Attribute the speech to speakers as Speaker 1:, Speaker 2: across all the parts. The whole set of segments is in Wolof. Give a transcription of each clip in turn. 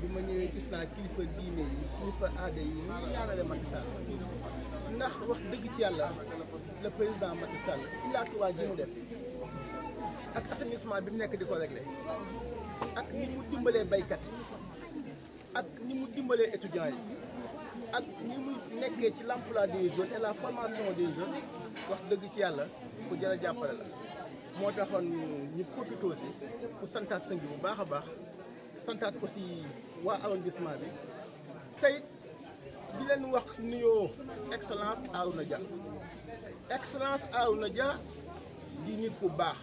Speaker 1: bi ma ñëwee gis naa kilifa diine yi kilifa aada yi ñu ñaanale Macky Sall ndax wax dëgg ci yàlla le président Macky Sall ilaatuwaa ji mu def ak assainissement bi mu nekk di ko réglé ak ni mu dimbalee baykat ak ni mu dimbalee étudiants yi ak ni mu nekkee ci l'emploi des jeunes et la formation des jeunes wax dëgg ci yàlla ku jëla jàppale la moo taxoon ñu profité aussi pour santaat sëñ bi bu baax a baax santaat aussi wa arrondissement bi tey di len wax nuyo excellence aruna Dia excellence aruna Dia di nit ku baax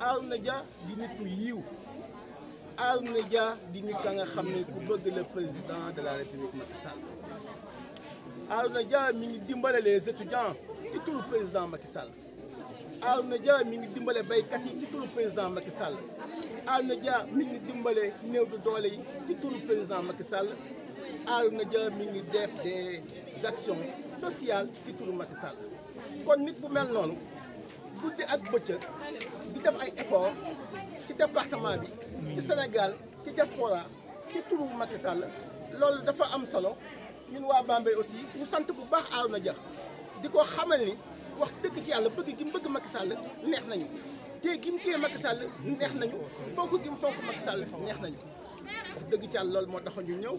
Speaker 1: Arouna Dia di nit ku yiiw Arouna Dia di nit ka nga xam ku bëgg le président de la république Macky Sall Arouna Dia mi ngi dimbalé les étudiants ci tout le président Macky Sall Arouna Dia mi ngi dimbale baykat yi ci tout le président Macky Sall. Arouna Dia mi ngi dimbale néew du doole yi ci turu président Macky Sall na Dia mi ngi def des actions sociales ci turu Macky Sall kon nit bu mel noonu guddi ak bëccëg di def ay effort ci département bi ci Sénégal ci diaspora ci turu Macky Sall loolu dafa am solo ñun waa Bambey aussi ñu sant bu baax na Dia di ko xamal ni wax dëgg ci yàlla bëgg gi mu bëgg Macky neex nañu téye gi mu téye Macky Sall neex nañu fonk gi fonk Macky Sall neex nañu dëgg ci yàlla loolu moo taxoon ñu ñëw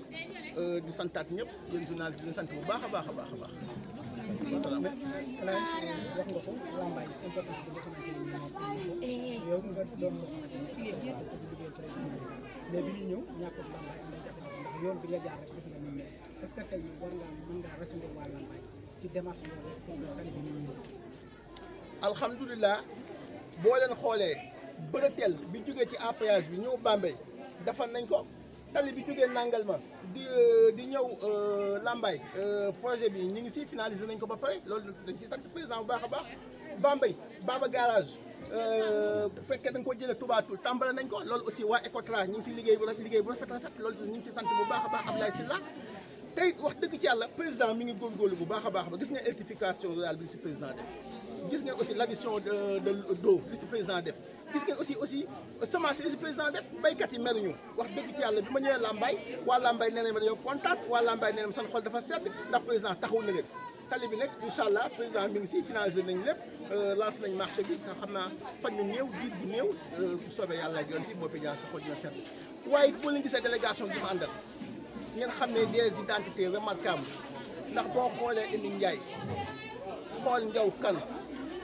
Speaker 1: euh, di santaat ñëpp yéen journal di sant bu baax a baax a baax a baax. salaam wax nga ko lambaay mais bi ñu ñëw ñàkkul lambaay am na jafe que tey ci démarche yooyu rek boo leen xoolee bërëteel bi jugé ci APH bi ñeu Bambey dafa nañ ko tali bi jugé nangal ma di euh, di ñëw euh, Lambaye euh, projet bi ñi ngi si finaliser nañ ko ba paré loolu dañ si sant président bu baax a baax Bambey Baba garage euh bu fekkee dañ ko jëlé touba tubaatul tàmbale nañ ko loolu aussi wa Ecotra ñi ngi si liggéey bu rafet liggéey bu rafet rafet loolu ñi ngi si sant bu baax a baax Abdoulaye Sylla tey wax dëgg ci yalla président mi ngi gol góorgóorlu bu baax a baax ba gis nga certification rurale bi ci président def gis ngeen aussi l'addition de de d'eau li si président def gis ngeen aussi aussi semence li si président def baykat yi meruñu wax dëgg ci yàlla bi ma ñëwee Lambaye waa Lambaye nee nañ ma dañoo contact waa Lambaye nee nañ ma seen xol dafa sedd ndax président taxaw na leen tali bi nekk incha allah président mi ngi si finaliser nañ lépp euh, lancé nañ marché bi nga xam naa fan ñu néew diir bu néew euh, bu soobee yàlla ak yoon bi boo fi jaar sa xol dina sedd waaye boo leen gisee délégation bi ma àndal ngeen xam ne des identités remarquables ndax boo xoolee Emine Ndiaye xool Ndiaw kan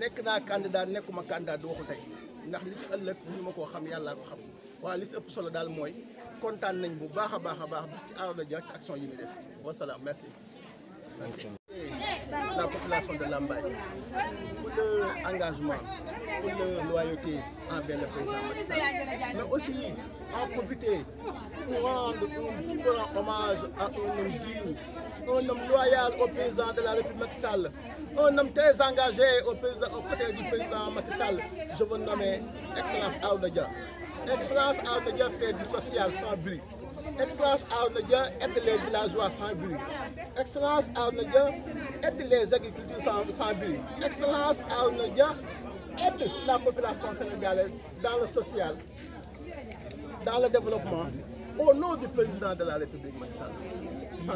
Speaker 1: nekk naa daal nekkuma candidat du waxu tey ndax li ci ëllëg mënu ma koo xam yàllaa ko xam waaye li si ëpp solo daal mooy kontaan nañ bu baax a baax a baax ci Arouna Dia ci action yi muy def wasalaam merci. la population de Lambaye pour leur engagement, pour leur loyauté envers le président Macky Mais aussi en profiter pour rendre un vibrant hommage à un homme digne, un homme loyal au président de la République Macky un homme très engagé au président, du président Macky Je vous nomme Excellence Audega. Excellence Audega fait du social sans but. Excellence Arnadia aide les villageois sans but. Excellence Arnadia aide les agriculteurs sans, but. Excellence Arnadia aide la population sénégalaise dans le social, dans le développement, au nom du président de la République, Macky Sall, sans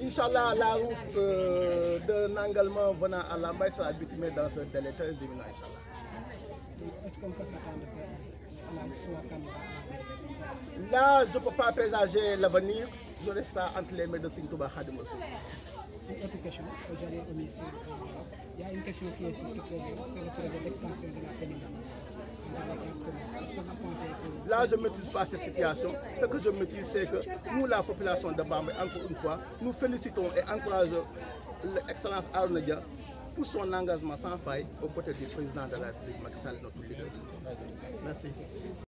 Speaker 1: Inch'Allah, la route euh, de l'engagement venant à l'ambassade sera bitumée dans un délai très imminent, Inch'Allah. Est-ce qu'on peut s'attendre à la Là, je ne peux pas présager l'avenir. Je laisse ça entre les mains de Sintouba Khadim Une autre question, aujourd'hui au ministère il y a une question qui est sur le projet, c'est le projet d'extension de la commune. Là, je ne maîtrise pas cette situation. Ce que je maîtrise, c'est que nous, la population de Bambé, encore une fois, nous félicitons et encourageons l'excellence Arnadia pour son engagement sans faille aux côtés du président de la République, Macky Sall, notre leader. Merci.